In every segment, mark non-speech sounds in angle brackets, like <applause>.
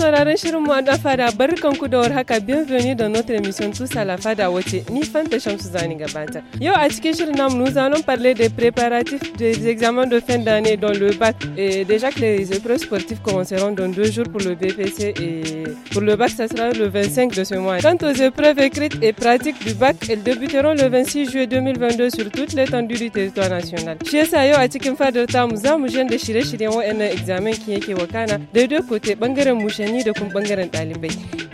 sauraron shirin mu da fada ku da bienvenue dans notre émission tous à la fada wace ni fanta shamsu zani gabata yau a cikin shirin nous allons parler des préparatifs des examens de fin d'année dans le bac et déjà que les épreuves sportives commenceront dans deux jours pour le BPC et pour le bac ça sera le 25 de ce mois quant aux épreuves écrites et pratiques du bac elles débuteront le 26 juillet 2022 sur toute l'étendue du territoire national chez ça yau a cikin fadar tamu zamu des da shirye-shiryen wa'annan examen ki yake wakana da deux côtés bangaren mu de da kuma bangaren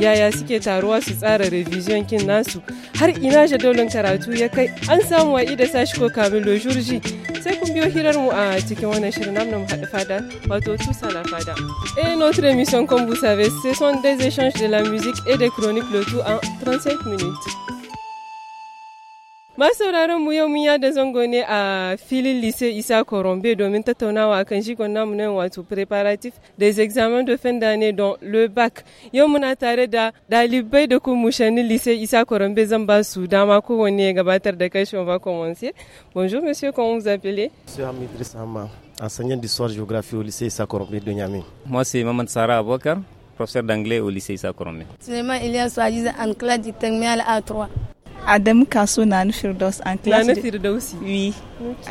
yaya suke taruwa su tsara revision kin nasu har ina jadawalin karatu ya kai an samu wa'i da sashi ko kamin lojurji sai kun biyo hirar mu a cikin wannan shirin namu mu haɗu fada wato tusa fada et eh, notre émission comme vous savez ce sont des échanges de la musique et des chroniques le tout en 35 minutes masauraran mu yau mun da zango ne a filin lycée isa korombe domin tattaunawa akan shi namu nan wato preparatif des examens de fin d'année don le bac yau muna tare da dalibai da kuma mushanin lycée isa korombe zan ba su dama kowanne ya gabatar da kashin on va commencer bonjour monsieur comment vous appelez monsieur Hamid Rissama enseignant d'histoire géographie au lycée isa korombe de Niamey moi c'est Maman Sarah Abouakar professeur d'anglais au lycée isa korombe Suleiman Ilyas Ouajiz en classe du terminal A3 Adam Kassonan Firdos en classe. Nana aussi. Oui,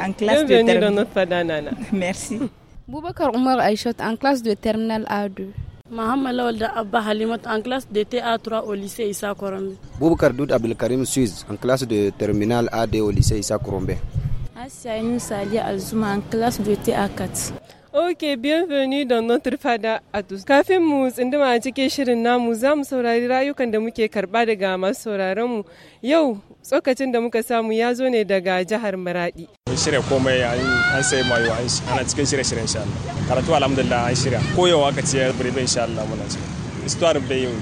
en classe de terminale. dans notre padanana. <laughs> Merci. Boubacar Omar Aïchot en classe de terminale A2. Mohamed Lawalda Abba Halimot, en classe de TA3 au lycée Issa Korombe. Boubacar Doud Abdelkarim Suiz en classe de terminale A2 au lycée Issa Korombe. Assia Sali Azuma en classe de TA4. Ok, bienvenue dans notre fada a tous. Kafin mu tsinduma a cikin shirin namu za mu saurari rayukan da muke karba daga masu sauraron mu. Yau tsokacin da muka samu ya zo ne daga jihar Maradi. Mun shirya komai an sai mayo ana cikin shirya shirya insha Allah. Karatu alhamdulillah an shirya. Koyawa ka ce birbe insha Allah muna cikin. Histoire bai yau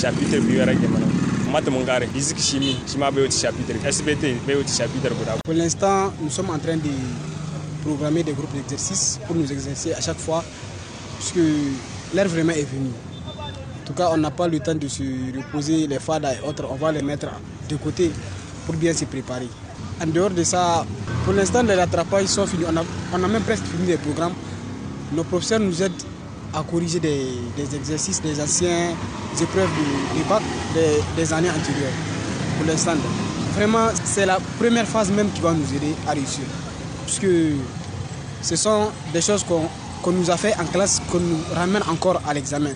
chapitre biyu rage mana. mata mun kare physique chimie shi ma bai wuce chapitre SBT bai wuce chapitre guda. Pour l'instant nous sommes en train de programmer des groupes d'exercices pour nous exercer à chaque fois, puisque l'heure vraiment est venue. En tout cas, on n'a pas le temps de se reposer, les fadas et autres, on va les mettre de côté pour bien se préparer. En dehors de ça, pour l'instant, les rattrapages sont finis. On a, même presque fini les programmes. Nos professeurs nous aident à corriger des, exercices des anciens épreuves du, de, des, années antérieures. Pour l'instant, vraiment, c'est la première phase même qui va nous aider à réussir puisque ce sont des choses qu'on nous a fait en classe, qu'on nous ramène encore à l'examen.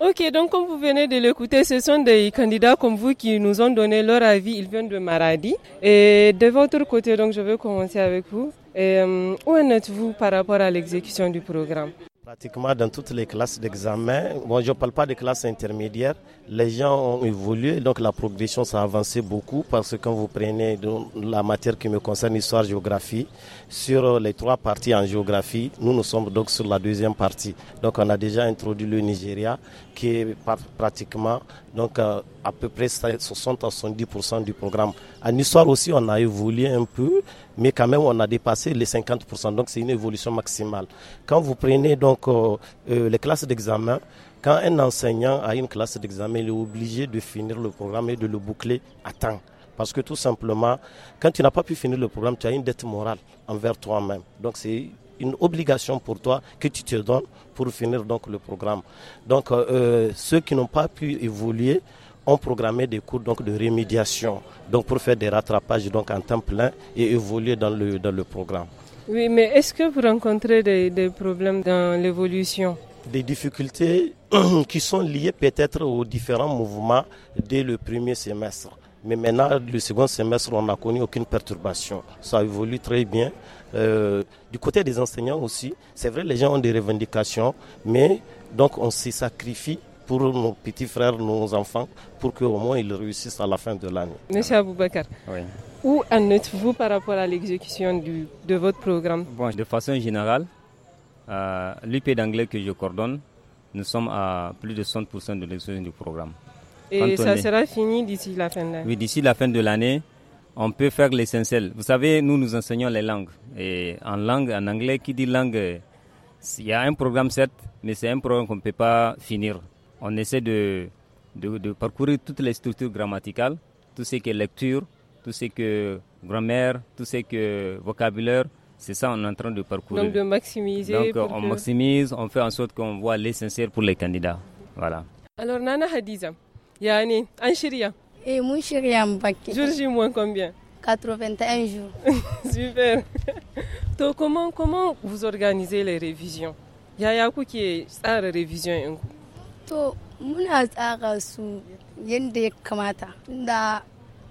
Ok, donc comme vous venez de l'écouter, ce sont des candidats comme vous qui nous ont donné leur avis. Ils viennent de Maradi. Et de votre côté, donc je veux commencer avec vous. Euh, où en êtes-vous par rapport à l'exécution du programme Pratiquement dans toutes les classes d'examen, bon, je ne parle pas de classes intermédiaires, les gens ont évolué, donc la progression s'est avancée beaucoup parce que quand vous prenez la matière qui me concerne, histoire, géographie, sur euh, les trois parties en géographie, nous nous sommes donc sur la deuxième partie. Donc on a déjà introduit le Nigeria qui est pratiquement donc euh, à peu près 60 à 70% du programme. En histoire aussi, on a évolué un peu, mais quand même on a dépassé les 50%. Donc c'est une évolution maximale. Quand vous prenez donc euh, euh, les classes d'examen, quand un enseignant a une classe d'examen, il est obligé de finir le programme et de le boucler à temps. Parce que tout simplement, quand tu n'as pas pu finir le programme, tu as une dette morale envers toi-même. Donc c'est une obligation pour toi que tu te donnes pour finir donc le programme. Donc euh, euh, ceux qui n'ont pas pu évoluer ont programmé des cours donc de rémédiation, donc pour faire des rattrapages donc en temps plein et évoluer dans le dans le programme. Oui, mais est-ce que vous rencontrez des, des problèmes dans l'évolution Des difficultés <clears throat> qui sont liées peut-être aux différents mouvements dès le premier semestre. Mais maintenant, le second semestre, on n'a connu aucune perturbation. Ça évolue très bien. Euh, du côté des enseignants aussi, c'est vrai, les gens ont des revendications, mais donc on se sacrifie pour nos petits frères, nos enfants, pour qu'au moins ils réussissent à la fin de l'année. Monsieur Aboubakar, où en êtes-vous par rapport à l'exécution de votre programme De façon générale, euh, l'UP d'anglais que je coordonne, nous sommes à plus de 100% de l'exécution du programme. Et ça sera fini d'ici la fin de l'année. Oui, d'ici la fin de l'année, on peut faire l'essentiel. Vous savez, nous, nous enseignons les langues. Et en langue, en anglais, qui dit langue, il y a un programme, certes, mais c'est un programme qu'on ne peut pas finir. On essaie de, de, parcourir toutes les structures grammaticales, tout ce qui est lecture, tout ce qui est grammaire, tout ce qui est vocabulaire. C'est ça on est en train de parcourir. Donc de maximiser. Donc on maximise, on fait en sorte qu'on voit l'essentiel pour les candidats. Voilà. Alors Nana Hadiza, yani ne, an shirya? Eh, mun shirya mu Jour Jurji moins combien 81 jours. <laughs> Super. to comment comment vous organisez les révisions? ku ke tsara révision ɗinku? To muna tsara su yanda ya kamata. da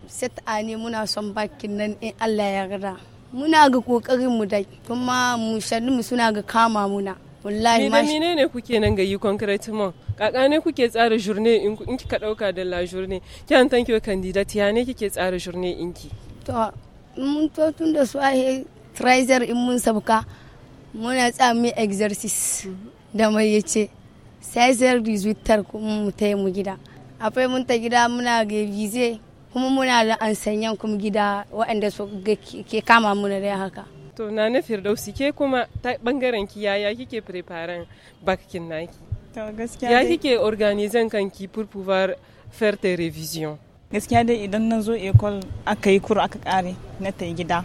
set ne muna son bakin nan in Allah ya gara Muna ga kokarin mu dai kuma mu shannu mu suna ga kama muna. wallahi ma shi ne kuke nan ga yi concretement kaka ne kuke tsara journée in kika dauka da la journée ki an thank you candidate ya ne kike tsara journée in ki to mun to tun da swahe ahe in mun sabka muna tsa mi da mai yace sai sai resultar kuma mu tayi mu gida akwai mun ta gida muna ga vize kuma muna da ansanyan kuma gida waɗanda su ke kama muna da haka To na na Firdausi ke kuma ta bangaren ki yaya kike preparan bakin naki? To gaskiya Ya kike organizan kanki pour pouvoir faire tes révisions? Gaskiya dai idan na zo ekol aka yi kuro aka kare na ta gida.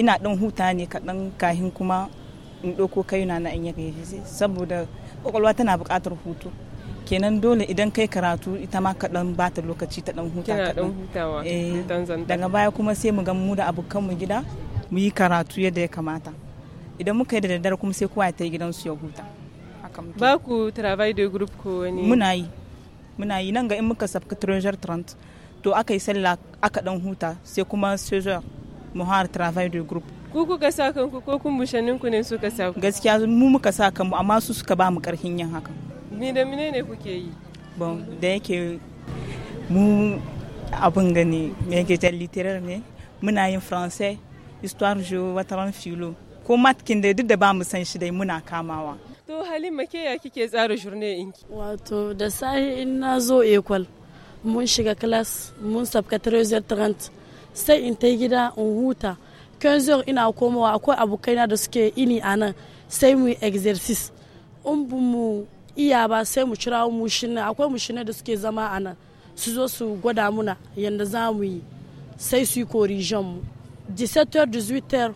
Ina dan huta ne kaɗan kahin kuma in ɗauko kayuna na in yi revize saboda kwakwalwa tana buƙatar hutu. kenan dole idan kai karatu ita ma ka dan bata lokaci ta dan huta ta dan hutawa eh, daga baya kuma sai mu ga mu da abokan mu gida mu yi karatu yadda ya kamata idan muka yi da daddare kuma sai kowa ya ta gidansu ya huta ba ku travail de group ko wani muna yi muna yi nan ga in muka sabka treasure trant to aka yi sallah aka dan huta sai kuma treasure mu har travail de group ku kuka sa kanku ko kun bushannin ku ne suka sa ku gaskiya mu muka sa kanmu amma su suka ba mu karfin yin haka ni da mine ne kuke yi bon da yake mu abin gani me yake jan literar ne muna yin francais histoire jo wataran filo ko matkin da duk da ba mu san shi dai muna kamawa to halima ke ya kike tsara jurne inki wato da sai in na zo ekwal mun shiga class mun sabka 3h30 sai in ta gida in huta kanzon ina komawa akwai abokaina da suke ini anan sai mu exercise in mu iya ba sai mu cira shine akwai shine da suke zama anan su zo su gwada muna yadda za mu yi sai su yi corrigion mu 17h 18h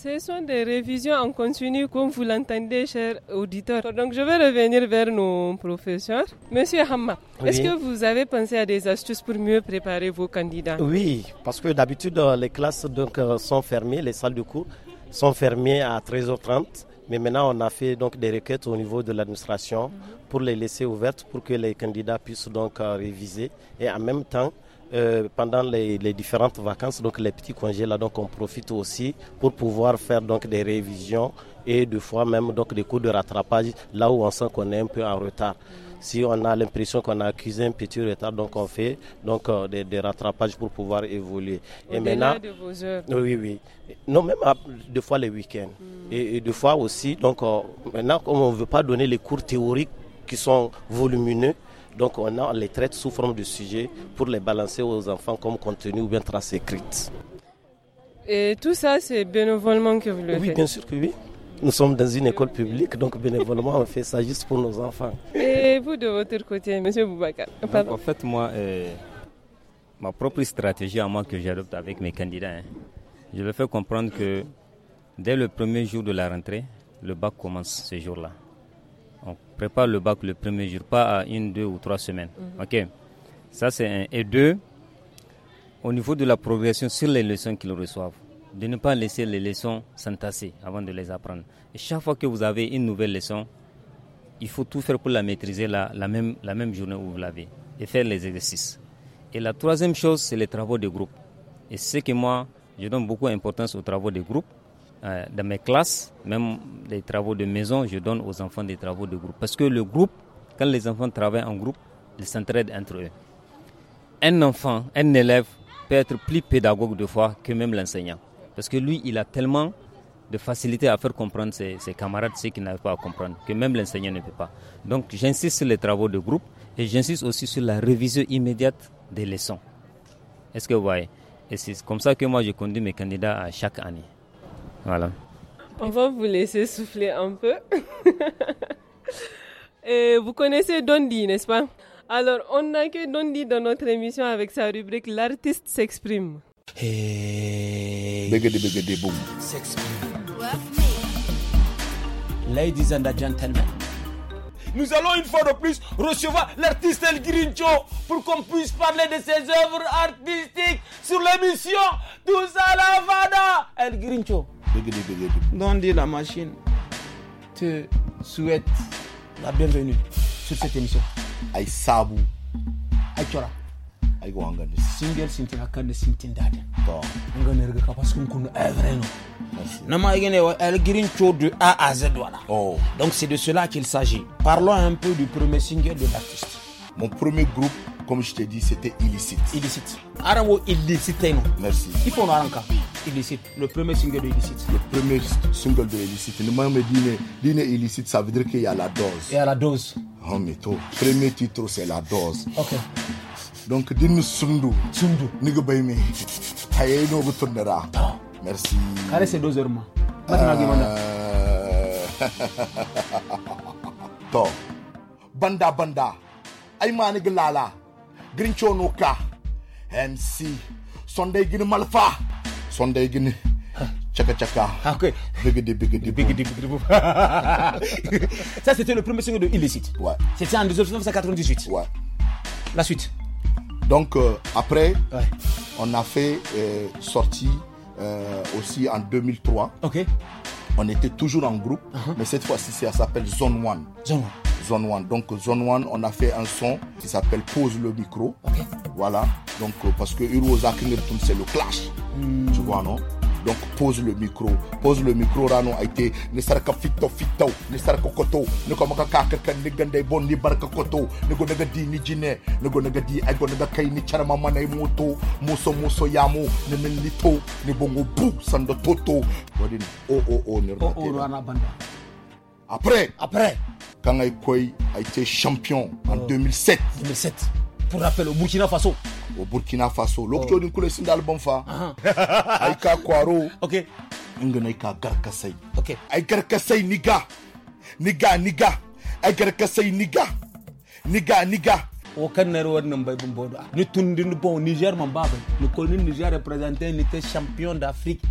Ce sont des révisions en continu, comme vous l'entendez, cher auditeur. Donc, je vais revenir vers nos professeurs. Monsieur Hamma, est-ce que vous avez pensé à des astuces pour mieux préparer vos candidats Oui, parce que d'habitude, les classes euh, sont fermées, les salles de cours sont fermés à 13h30. Mais maintenant, on a fait donc des requêtes au niveau de l'administration pour les laisser ouvertes pour que les candidats puissent donc euh, réviser et en même temps euh, pendant les, différentes vacances, les petits congés là, on profite aussi pour pouvoir faire donc des révisions et des fois même des cours de rattrapage là où on sent qu'on est un peu en retard. Si on a l'impression qu'on a accusé un petit retard, donc on fait donc, euh, des, rattrapages pour pouvoir évoluer. et maintenant, de vos heures. Oui, oui. Non, même deux fois les week-ends. Hmm. Et, des deux fois aussi, donc euh, maintenant, comme on ne veut pas donner les cours théoriques qui sont volumineux, donc on, les traite sous forme de sujet pour les balancer aux enfants comme contenu ou bien trace écrite. Et tout ça, c'est bénévolement que vous le faites Oui, bien sûr que oui. Nous sommes dans une école publique, donc bénévolement, on fait ça juste pour nos enfants. Et vous, de votre côté, monsieur Boubacar En fait, moi, euh, ma propre stratégie à moi que j'adopte avec mes candidats, hein, je vais faire comprendre que dès le premier jour de la rentrée, le bac commence ce jour-là. On prépare le bac le premier jour, pas à une, deux ou trois semaines. Mhm. OK Ça, c'est un. Et deux, au niveau de la progression sur les leçons qu'ils reçoivent de ne pas laisser les leçons s'entasser avant de les apprendre. Et chaque fois que vous avez une nouvelle leçon, il faut tout faire pour la maîtriser la, même, la même journée où vous l'avez et faire les exercices. Et la troisième chose, c'est les travaux de groupe. Et c'est que moi, je donne beaucoup d'importance aux travaux de groupe. Euh, dans mes classes, même les travaux de maison, je donne aux enfants des travaux de groupe. Parce que le groupe, quand les enfants travaillent en groupe, ils s'entraident entre eux. Un enfant, un élève peut être plus pédagogue de fois que même l'enseignant. Parce que lui, il a tellement de facilité à faire comprendre ses, camarades ce qui n'arrivent pas à comprendre, que même l'enseignant ne peut pas. Donc j'insiste sur les travaux de groupe et j'insiste aussi sur la révision immédiate des leçons. Est-ce que vous voyez Et c'est comme ça que moi je conduis mes candidats à chaque année. Voilà. On va vous laisser souffler un peu. <laughs> vous connaissez Dondi, n'est-ce pas Alors, on a que Dondi dans notre émission avec sa rubrique L'artiste s'exprime. Hey. Ladies and gentlemen. Nous allons une fois de plus recevoir l'artiste El Grincho pour qu'on puisse parler de ses œuvres artistiques sur l'émission Tous à la El Grincho. Biggity, la machine te souhaite la bienvenue sur cette émission. Aïe Sabou ay go hangande singel sinti hakkande sintin dade to ngane rga pas paskun kun ay vrai nama igene wa el green show de A à Z oh. donc c'est de cela qu'il s'agit parlons un peu du premier single de l'artiste mon premier groupe comme je t'ai dit c'était Illicit ».« Illicit ». arabo illicite non merci il faut encore ?« illicite le premier single de Illicit ». le premier single de illicite ne m'a dit dîner Illicit », ça veut dire qu'il y a la dose il y a la dose oh mais toi premier titre c'est la dose ok donc din sundu sundu niga bay me haye merci Allez, c'est deux heures ma matina gi manda <laughs> to banda banda ay ma Grinchonoka. lala grincho no mc sunday malfa sunday gini Tchaka <laughs> tchaka. Ah, ok. Bigidi bigidi bigidi <laughs> Ça, c'était le premier single de Illicit. Ouais. C'était en 1998. Ouais. La suite. Donc euh, après, on a fait euh, sortie euh, aussi en 2003. Ok. On était toujours en groupe, uh-huh. mais cette fois-ci, ça s'appelle Zone One. Zone One. Zone One. Donc Zone One, on a fait un son qui s'appelle Pose le micro. Voilà. Donc parce que Uroza c'est le clash. Hmm. Tu vois, non donc pose le micro. Pose le micro rano été, Ne saraka fito fito. Ne saraka koto. Ne komaka kakaka ne gande bon ni barka koto. Ne go nega ni jine. Ne go nega di ay nega kay ni chara mama na moto. Moso moso yamu. Ne men lito. Ne bongo bu sando toto. Wadin o o o ne Oh oh Après. Après. Quand Aikoy a été champion en 2007. 2007. pour rappel au burkina faso o burkina faso lokacin oh. din kula sun da album fa uh -huh. ai ka kwaro ok inga nai ka garkasai niga niga niga ai garkasai niga niga niga o kan nari wannan bai bin bodo ni tundi ni bon niger man ba bai ni ko ni niger representer ni te champion d'afrique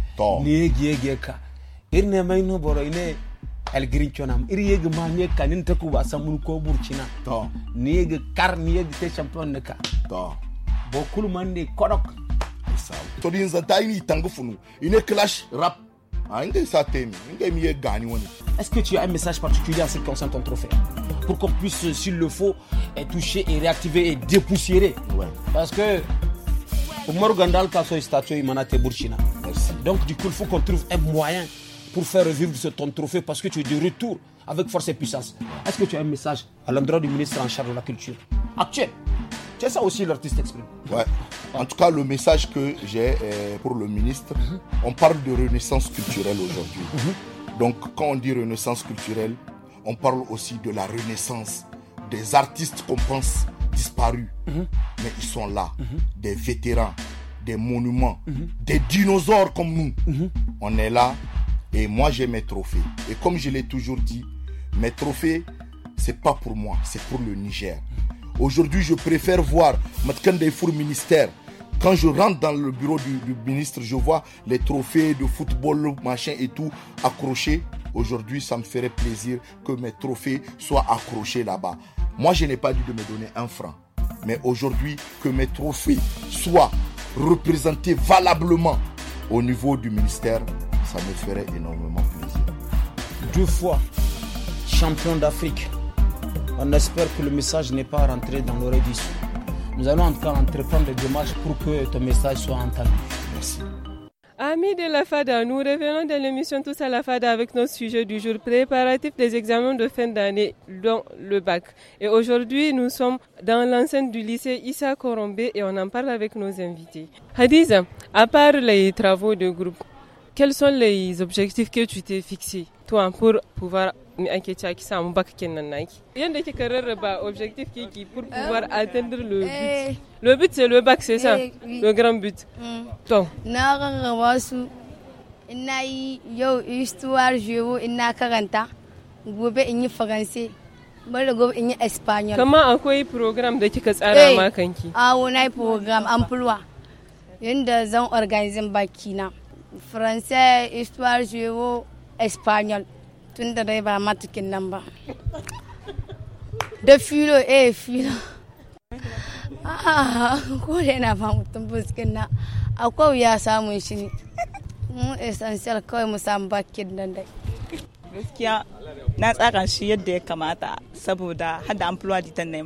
ni yegi yegi ka irne mai no boro ine elgirichonam iri yega manye kanin ta ku wasa mun ko burkina to ni yega kar ni yega te champion ne ka to bokul mande kodok to din za tayni tangu funu ine clash rap ah inga sa temi inga mi yega gani wani est-ce que tu as un message particulier à ce concernant ton trophée pour qu'on puisse s'il le faut toucher et réactiver et dépoussiérer ouais. parce que Omar Gandal Kasso statue Imana Burkina. Donc du coup il faut qu'on trouve un moyen pour faire revivre ce, ton trophée parce que tu es de retour avec force et puissance. Est-ce que tu as un message à l'endroit du ministre en charge de la culture actuel as ça aussi l'artiste exprime. Ouais. En tout cas, le message que j'ai pour le ministre, on parle de renaissance culturelle aujourd'hui. Donc, quand on dit renaissance culturelle, on parle aussi de la renaissance des artistes qu'on pense disparus, mais ils sont là, des vétérans, des monuments, des dinosaures comme nous. On est là et moi, j'ai mes trophées. Et comme je l'ai toujours dit, mes trophées, c'est pas pour moi, c'est pour le Niger. Aujourd'hui, je préfère voir des Four Ministère. Quand je rentre dans le bureau du, ministre, je vois les trophées de football, machin et tout accrochés. Aujourd'hui, ça me ferait plaisir que mes trophées soient accrochés là-bas. Moi, je n'ai pas dû de me donner un franc. Mais aujourd'hui, que mes trophées soient représentés valablement au niveau du ministère, ça me ferait énormément plaisir. Deux fois champion d'Afrique. On espère que le message n'est pas rentré dans l'oreille du Nous allons encore entreprendre des démarches pour que ton message soit entendu. Merci. Amis de la FADA, nous revenons de l'émission Tous à la FADA avec nos sujets du jour préparatif des examens de fin d'année, dont le bac. Et aujourd'hui, nous sommes dans l'enceinte du lycée Issa Korombe et on en parle avec nos invités. Hadiza, à part les travaux de groupe, quels sont les objectifs que tu t'es fixés, toi, pour pouvoir ake cewa ki samu bakakin nan naki yadda kika rarraba objectif kiki pour euh, pouvoir atteindre le but eh, le but c'est le bac c'est ça eh, le grand but hmm. to na rarraba su ina yi yau histoire jewo ina karanta gobe in yi faransai bari gobe in yi espanyol kama akwai program da eh, ah, un tsara ma kanki awo na yi program amfulwa yadda zan organizin bakina faransai histoire juwo espanyol tun da dai ba matukin nan ba da filo eh filo ko da yana ba mutum fuskin na akwai ya samun shi ne mu essential kawai mu samu bakin nan dai gaskiya na tsara shi yadda ya kamata saboda hada amfulwa ditan na yi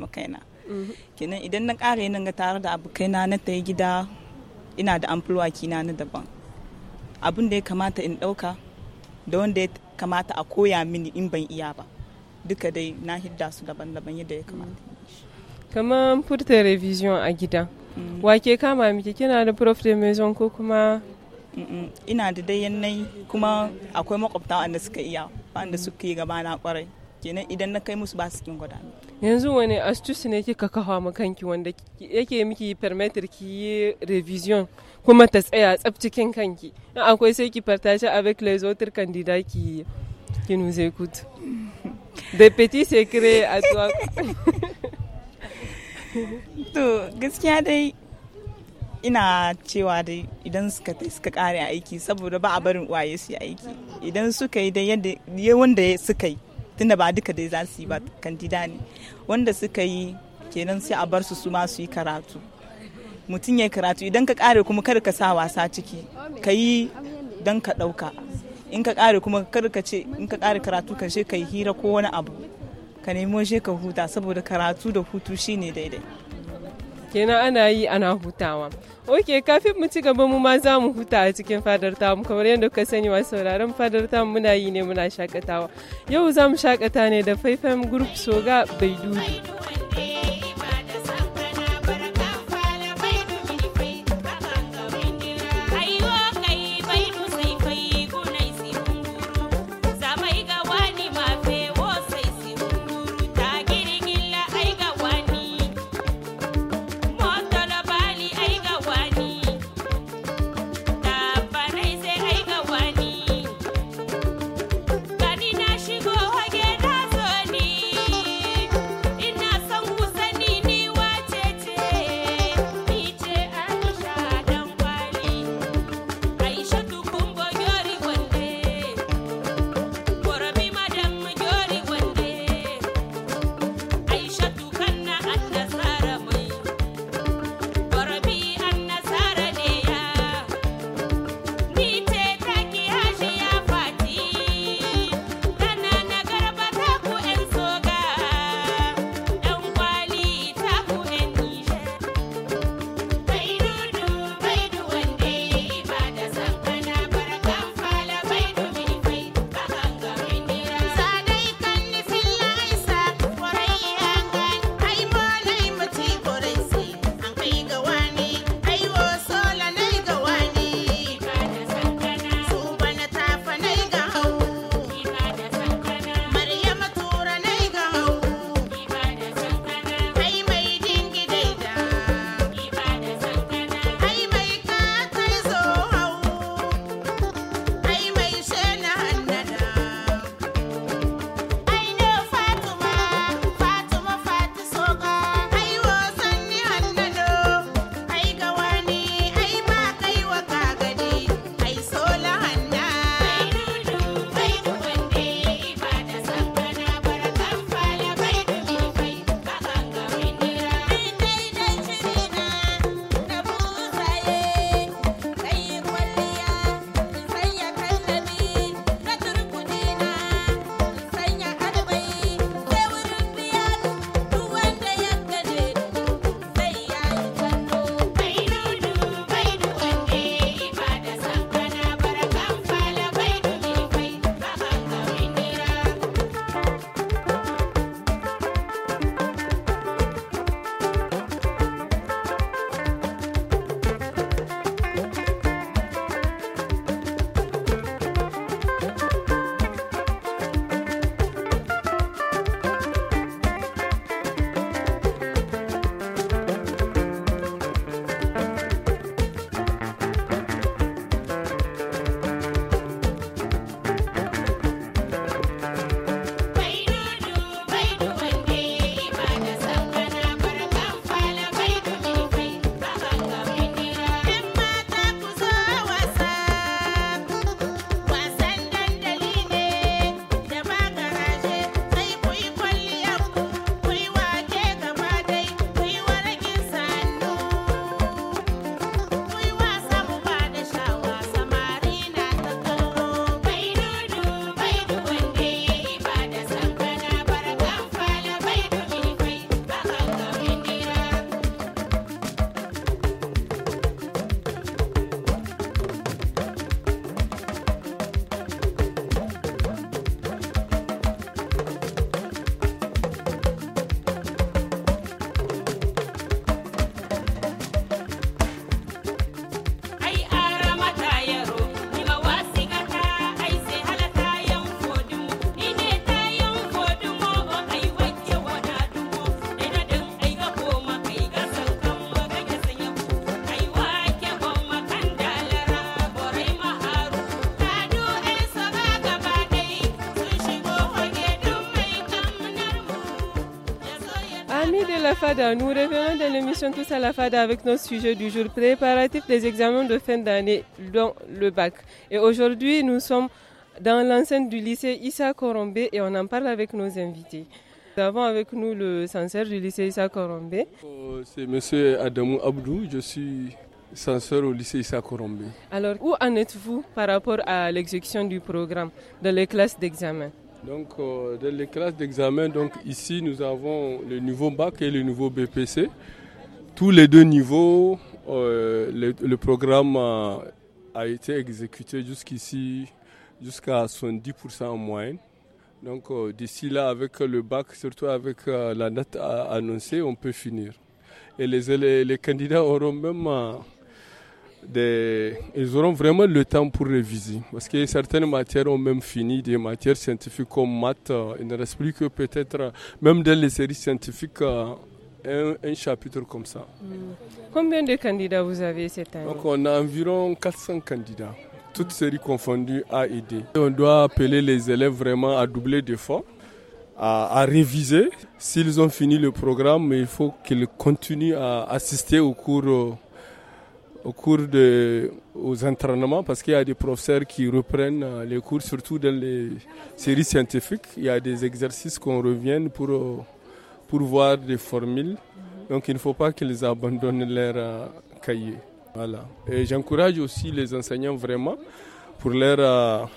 kenan idan na kare nan ga tare da abokaina na ta gida ina da amfulwa kina na daban abin da ya kamata in ɗauka da wanda ya kamata a koya mini in ban iya ba duka dai na hidda su daban-daban yadda ya kamata kamar furta revision a gida mm. wake kama miki kina da prof de maison ko kuma ina da dayan nai kuma akwai makwabta wanda suka iya wanda suka yi gabana kwarai kenan idan na kai musu ba su cikin gwada yanzu wani astuce ne kika kawo ma kanki wanda yake miki permitir ki yi revision kuma ta tsaya tsab cikin kanki in akwai sai ki partage avec les autres candidats ki ki nous écoute <laughs> des petits secrets à toi <laughs> to gaskiya dai ina cewa dai idan suka tai suka kare aiki saboda ba a barin uwaye su yi aiki idan suka yi dai yadda wanda suka yi tunda ba duka dai za su yi ba kandida ne wanda suka yi kenan sai a bar su su ma su yi karatu mutum ya karatu idan ka kare kuma kar ka sa wasa ciki ka yi don ka ɗauka in ka kare kuma kar ka ce in ka kare karatu ka je ka yi hira ko wani abu ka nemo je ka huta saboda karatu da hutu shine daidai kenan ana yi ana hutawa ok kafin mu ci gaba mu ma za mu huta a cikin fadar tamu kamar yadda kuka sani wa sauraron fadar tamu muna yi ne muna shakatawa yau za mu shakata ne da faifan group soga baidudu nous revenons de l'émission Tous à la FADA avec nos sujets du jour préparatif des examens de fin d'année, dans le bac. Et aujourd'hui, nous sommes dans l'enceinte du lycée Issa Korombe et on en parle avec nos invités. Nous avons avec nous le censeur du lycée Issa Korombe. Euh, c'est monsieur Adamou Abdou, je suis censeur au lycée Issa Korombe. Alors, où en êtes-vous par rapport à l'exécution du programme dans les classes d'examen donc, euh, dans les classes d'examen, donc ici, nous avons le nouveau bac et le nouveau BPC. Tous les deux niveaux, euh, le, programme a, été exécuté jusqu'ici, jusqu'à 70% en moyenne. Donc, euh, d'ici là, avec le bac, surtout avec la date annoncée, on peut finir. Et les candidats auront même ils auront vraiment le temps pour réviser. Parce que certaines matières ont même fini, des matières scientifiques comme maths. Euh, il ne reste plus que peut-être, euh, même dans les séries scientifiques, euh, un, chapitre comme ça. Hmm. Combien de candidats vous avez cette année Donc on a environ 400 candidats, toutes séries confondues A et D. on doit appeler les élèves vraiment à doubler d'efforts. À, à, réviser. S'ils ont fini le programme, il faut qu'ils continuent à assister au cours au cours de, aux entraînements parce qu'il y a des professeurs qui reprennent euh, les cours, surtout dans les séries scientifiques. Il y a des exercices qu'on revient pour, euh, pour voir des formules. Donc il ne faut pas qu'ils abandonnent leur euh, cahier. Voilà. Et j'encourage aussi les enseignants vraiment pour leur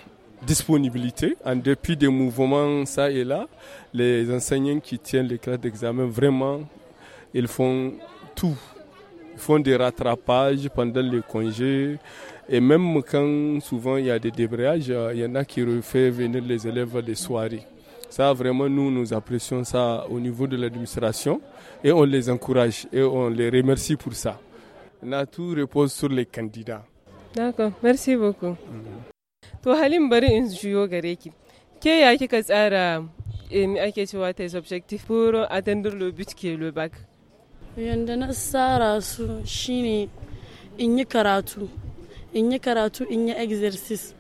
disponibilité. En dépit des mouvements ça et là, les enseignants qui tiennent les classes d'examen, vraiment, ils font tout font des rattrapages pendant les congés. Et même quand souvent il y a des débrayages, il y en a qui refait venir les élèves des soirées. Ça, vraiment, nous, nous apprécions ça au niveau de l'administration et on les encourage et on les remercie pour ça. Là, tout repose sur les candidats. D'accord, merci beaucoup. Toi Halim bari in juyo eh, pour atteindre le but qui est le bac? yadda na tsara su shine in yi karatu in yi karatu in yi exercise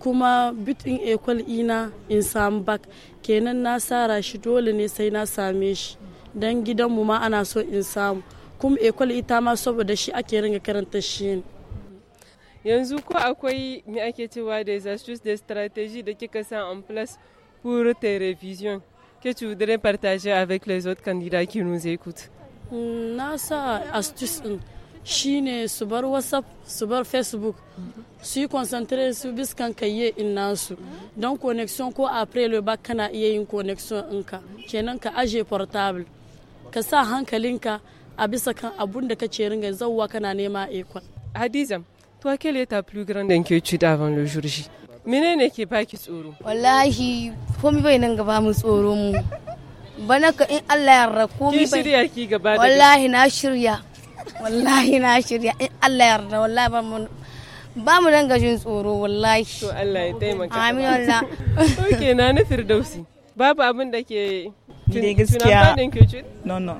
kuma bitin ekwal ina in samu bak kenan na tsara shi dole ne sai na same shi don gidanmu ma ana so in samu kuma ekwal ita ma saboda shi ake ringa karanta shi yanzu ko akwai me ake cewa da astuces da strategy da kika sa en place pour tes que tu voudrais partager avec les autres candidats qui nous écoutent na sa astuce din shine su bar whatsapp su bar facebook su yi concentrate su biskan kayye in nasu don connection ko a ba kana iya yin connection ɗinka kenan ka aje portable ka sa hankalinka a bisa kan abun da ce ringa zauwa kana nema ekon hadiza to akele ta plus grande inquiétude d'avant le jour J menene ke baki tsoro wallahi komai bai nan gaba mu tsoro mu bana ka in Allah ya rako mi bai shirya ki gaba da wallahi na shirya wallahi na shirya in Allah ya rako wallahi ba mu ba mu danga jin tsoro wallahi to Allah ya taimaka amin wallahi oke na na firdausi babu abin da ke ni gaskiya no no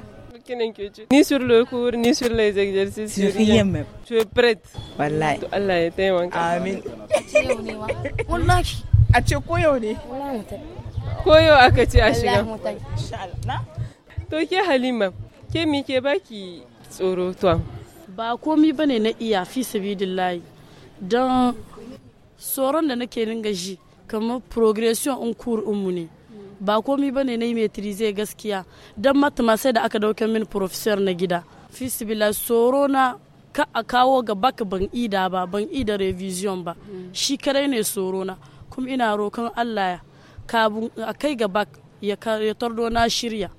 ni sur le cour ni sur les exercices sur rien même tu es prête wallahi to Allah ya taimaka amin wallahi a ce koyo ne wallahi ko yau aka ce a shiga to halima ke mi ke baki tsoro tuwa ba komi ne na iya fi sabidillahi don tsoron da nake ringa ji kamar progression in kur mu ne ba komi bane na yi zai gaskiya don matama sai da aka dauke min professor na gida fi tsoro na ka a kawo gaba ka ban ida ba ban ida revision ba shi kadai ne tsoro na kuma ina rokan allah ya kabun a kai gaba ya tardo na shirya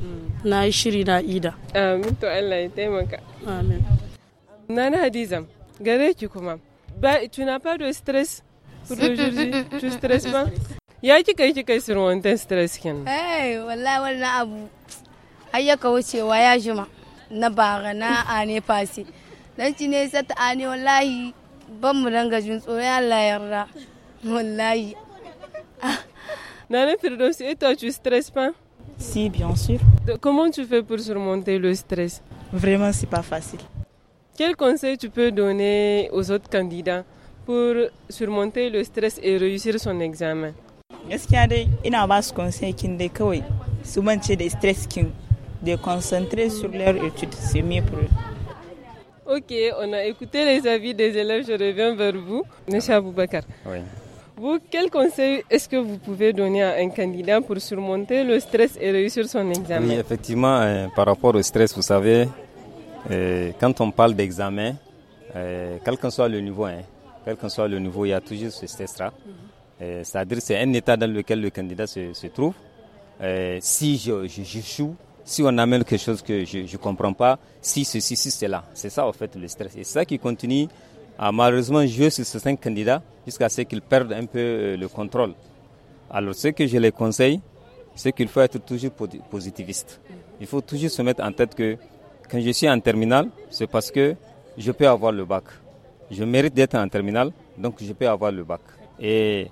hmm. na yi shiri na ida amin to allah ya taimaka amin nana hadiza gare ki kuma ba tuna fado stress <laughs> tu stress ba ya ki kai yi kika surwantar stress kin Hey, wallahi wannan abu ayyaka wucewa ya jima na bara na ane fasi dan ci ne sata ane wallahi ban mu danga jin tsoron Allah yarda wallahi Nana Firdosi, et toi, tu stresses pas Si, bien sûr. comment tu fais pour surmonter le stress Vraiment, c'est pas facile. Quel conseil tu peux donner aux autres candidats pour surmonter le stress et réussir son examen est' dai ina ba su kin dai kawai su mance des stress qui de concentrer sur leur étude c'est mieux pour eux Ok, on a écouté les avis des élèves, je reviens vers vous. Monsieur Aboubakar. Oui. Vous, quel conseil est-ce que vous pouvez donner à un candidat pour surmonter le stress et réussir son examen Oui, effectivement, euh, par rapport au stress, vous savez, euh, quand on parle d'examen, euh, quel que soit le niveau, hein, quel que soit le niveau, il y a toujours ce stress-là. Mhm. C'est-à-dire c'est un état dans lequel le candidat se, trouve. si je, je, si on amène quelque chose que je ne comprends pas, si ceci, si là, C'est ça, en fait, le stress. Et c'est ça qui continue ah, malheureusement joué sur ces cinq candidats jusqu'à ce qu'ils perdent un peu euh, le contrôle. Alors ce que je les conseille, c'est qu'il faut être toujours positiviste. Il faut toujours se mettre en tête que quand je suis en terminale, c'est parce que je peux avoir le bac. Je mérite d'être en terminale, donc je peux avoir le bac. Et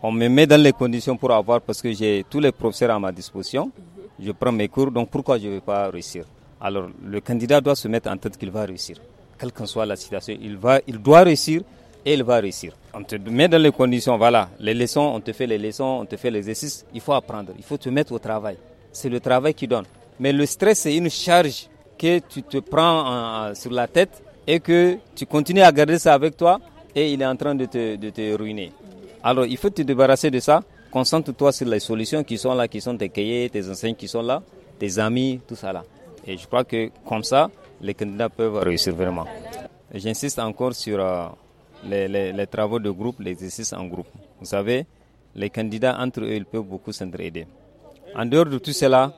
on me met dans les conditions pour avoir parce que j'ai tous les professeurs à ma disposition. Je prends mes cours, donc pourquoi je ne vais pas réussir Alors le candidat doit se mettre en tête qu'il va réussir quelle que soit la situation, il, va, il doit réussir et il va réussir. On te met dans les conditions, voilà, les leçons, on te fait les leçons, on te fait l'exercice, il faut apprendre, il faut te mettre au travail. C'est le travail qui donne. Mais le stress, c'est une charge que tu te prends sur la tête et que tu continues à garder ça avec toi et il est en train de te, de te ruiner. Alors, il faut te débarrasser de ça. Concentre-toi sur les solutions qui sont là, qui sont tes cahiers, tes enseignes qui sont là, tes amis, tout ça là. Et je crois que comme ça, les candidats peuvent réussir vraiment. J'insiste encore sur euh, les, travaux de groupe, l'exercice en groupe. Vous savez, les candidats entre eux, ils peuvent beaucoup s'entraider. En dehors de tout cela,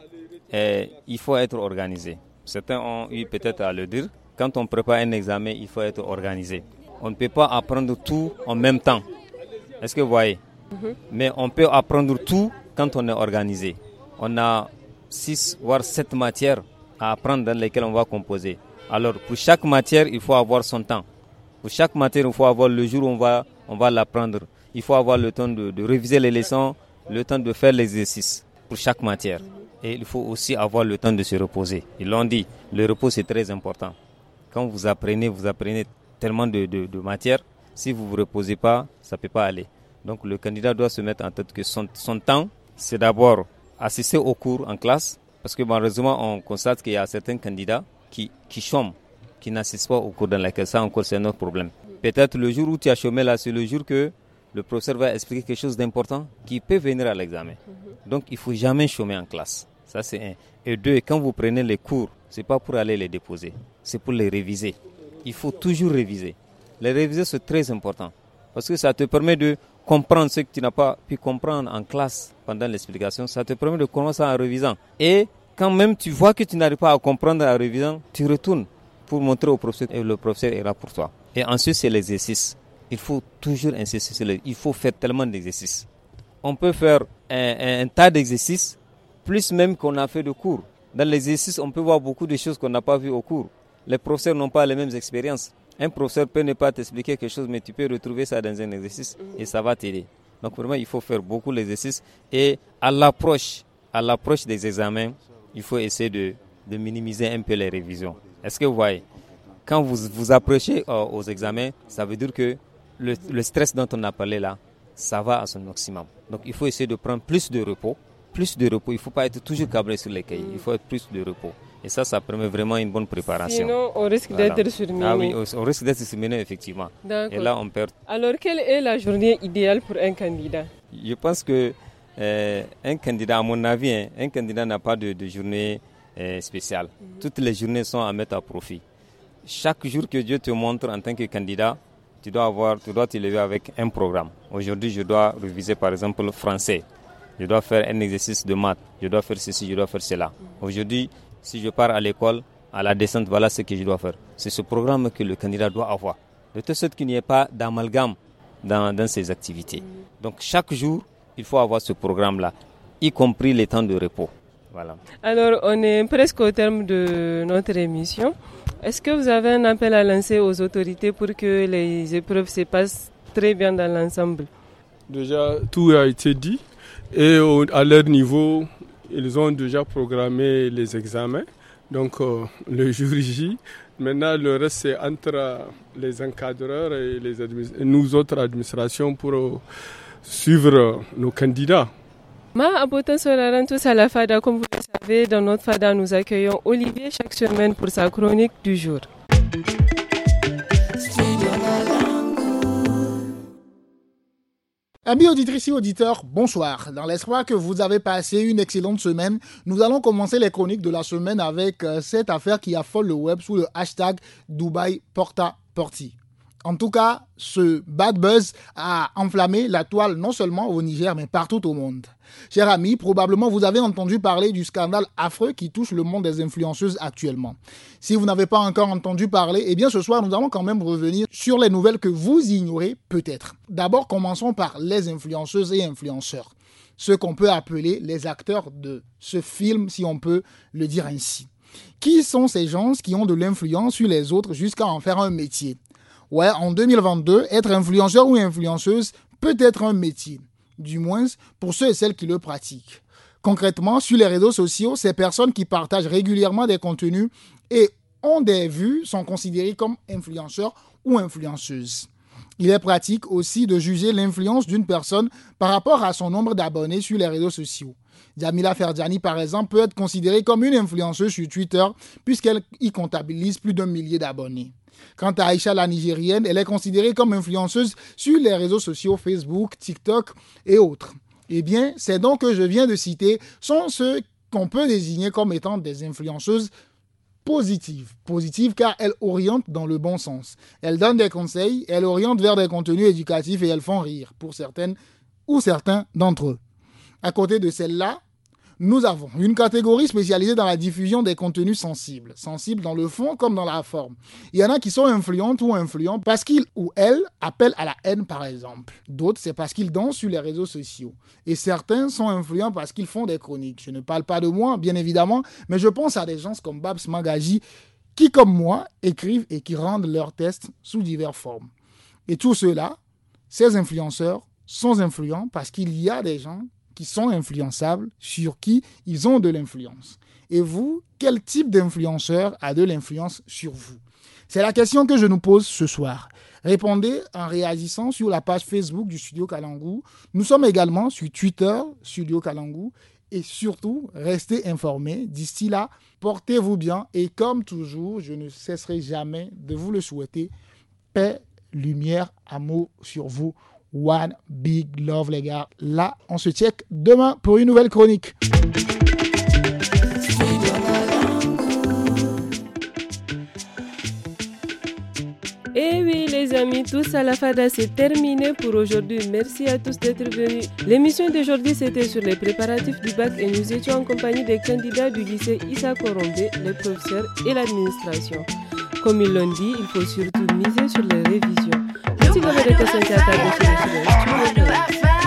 eh, il faut être organisé. Certains ont eu peut-être à le dire. Quand on prépare un examen, il faut être organisé. On ne peut pas apprendre tout en même temps. Est-ce que vous voyez mhm. Mais on peut apprendre tout quand on est organisé. On a six voire sept matières à apprendre dans lesquels on va composer. Alors, pour chaque matière, il faut avoir son temps. Pour chaque matière, il faut avoir le jour où on va, on va l'apprendre. Il faut avoir le temps de, réviser les leçons, le temps de faire l'exercice pour chaque matière. Et il faut aussi avoir le temps de se reposer. Ils l'ont dit, le repos c'est très important. Quand vous apprenez, vous apprenez tellement de, de, matières. Si vous ne vous reposez pas, ça ne peut pas aller. Donc le candidat doit se mettre en tête que son, son temps, c'est d'abord assister au cours en classe, parce que malheureusement, on constate qu'il y a certains candidats qui, qui chôment, qui n'assistent pas au cours dans laquelle ça encore c'est notre problème. Peut-être le jour où tu as chômé là, c'est le jour que le professeur va expliquer quelque chose d'important qui peut venir à l'examen. Mhm. Donc il ne faut jamais chômer en classe. Ça c'est un. Et deux, quand vous prenez les cours, ce n'est pas pour aller les déposer, c'est pour les réviser. Il faut toujours réviser. Les réviser c'est très important parce que ça te permet de comprendre ce que tu n'as pas pu comprendre en classe pendant l'explication. Ça te permet de commencer en révisant. Et quand même tu vois que tu n'arrives pas à comprendre en révisant, tu retournes pour montrer au professeur et le professeur est là pour toi. Et ensuite, c'est l'exercice. Il faut toujours insister sur Il faut faire tellement d'exercices. On peut faire un, un tas d'exercices, plus même qu'on a fait de cours. Dans l'exercice, on peut voir beaucoup de choses qu'on n'a pas vues au cours. Les professeurs n'ont pas les mêmes expériences. Un professeur peut ne pas t'expliquer quelque chose, mais tu peux retrouver ça dans un exercice et ça va t'aider. Donc vraiment, il faut faire beaucoup d'exercices et à l'approche, à l'approche des examens, il faut essayer de, minimiser un peu les révisions. Est-ce que vous voyez Quand vous vous approchez euh, aux examens, ça veut dire que le, stress dont on a parlé là, ça va à son maximum. Donc il faut essayer de prendre plus de repos. Plus de repos, il ne faut pas être toujours cabré sur les cahiers, il faut être plus de repos. Et ça, ça permet vraiment une bonne préparation. Sinon, on ah risque d'être surmené. Ah oui, on risque d'être surmené, effectivement. Et là, on perd. Alors, quelle est la journée idéale pour un candidat Je pense que euh, un candidat, à mon avis, hein, un candidat n'a pas de, journée euh, spéciale. Mhm. Toutes les journées sont à mettre à profit. Chaque jour que Dieu te montre en tant que candidat, tu dois avoir, tu dois te lever avec un programme. Aujourd'hui, je dois réviser, par exemple, le français je dois faire un exercice de maths, je dois faire ceci, je dois faire cela. Mhm. Aujourd'hui, si je pars à l'école, à la descente, voilà ce que je dois faire. C'est ce programme que le candidat doit avoir. De toute sorte qu'il n'y ait pas d'amalgame dans, dans ses activités. Donc chaque jour, il faut avoir ce programme-là, y compris les temps de repos. Voilà. Alors, on est presque au terme de notre émission. Est-ce que vous avez un appel à lancer aux autorités pour que les épreuves se passent très bien dans l'ensemble Déjà, tout a été dit. Et à leur niveau, ils ont déjà programmé les examens. Donc euh, <laughs> le jour maintenant le reste c'est entre euh, les encadreurs et, les nous autres administrations pour euh, suivre nos candidats. Ma abotan à la FADA, comme vous le savez, dans notre FADA, nous accueillons Olivier chaque semaine pour sa chronique du jour. Amis auditrices et auditeurs, bonsoir. Dans l'espoir que vous avez passé une excellente semaine, nous allons commencer les chroniques de la semaine avec euh, cette affaire qui affole le web sous le hashtag Dubai Porta Porti. En tout cas, ce bad buzz a enflammé la toile non seulement au Niger, mais partout au monde. Chers amis, probablement vous avez entendu parler du scandale affreux qui touche le monde des influenceuses actuellement. Si vous n'avez pas encore entendu parler, eh bien ce soir nous allons quand même revenir sur les nouvelles que vous ignorez peut-être. D'abord, commençons par les influenceuses et influenceurs. Ce qu'on peut appeler les acteurs de ce film, si on peut le dire ainsi. Qui sont ces gens qui ont de l'influence sur les autres jusqu'à en faire un métier ouais, en 2022, être influenceur ou influenceuse peut être un métier, du moins pour ceux et celles qui le pratiquent. Concrètement, sur les réseaux sociaux, ces personnes qui partagent régulièrement des contenus et ont des vues sont considérées comme influenceurs ou influenceuses. Il est pratique aussi de juger l'influence d'une personne par rapport à son nombre d'abonnés sur les réseaux sociaux. Jamila Ferdiani, par exemple, peut être considérée comme une influenceuse sur Twitter puisqu'elle y comptabilise plus d'un millier d'abonnés. Quant à Aïcha la Nigérienne, elle est considérée comme influenceuse sur les réseaux sociaux Facebook, TikTok et autres. Eh bien, ces dons que je viens de citer sont ceux qu'on peut désigner comme étant des influenceuses positives. Positives car elles orientent dans le bon sens. Elles donnent des conseils, elles orientent vers des contenus éducatifs et elles font rire pour certaines ou certains d'entre eux. À côté de celles-là, nous avons une catégorie spécialisée dans la diffusion des contenus sensibles, sensibles dans le fond comme dans la forme. Il y en a qui sont influents ou influents parce qu'ils ou elles appellent à la haine, par exemple. D'autres, c'est parce qu'ils dansent sur les réseaux sociaux. Et certains sont influents parce qu'ils font des chroniques. Je ne parle pas de moi, bien évidemment, mais je pense à des gens comme Babs Magaji qui, comme moi, écrivent et qui rendent leurs tests sous diverses formes. Et tout cela, ces influenceurs sont influents parce qu'il y a des gens qui sont influençables, sur qui ils ont de l'influence. Et vous, quel type d'influenceur a de l'influence sur vous C'est la question que je nous pose ce soir. Répondez en réagissant sur la page Facebook du Studio Kalangu. Nous sommes également sur Twitter, Studio Kalangu. Et surtout, restez informés. D'ici là, portez-vous bien. Et comme toujours, je ne cesserai jamais de vous le souhaiter. Paix, lumière, amour sur vous. One Big Love, les gars. Là, on se check demain pour une nouvelle chronique. Et eh oui, les amis, tous à la fada, c'est terminé pour aujourd'hui. Merci à tous d'être venus. L'émission d'aujourd'hui, c'était sur les préparatifs du bac et nous étions en compagnie des candidats du lycée Issa Korombe, les professeurs et l'administration. Comme ils l'ont dit, il faut surtout miser sur les révisions. Let's see what video concerns you have that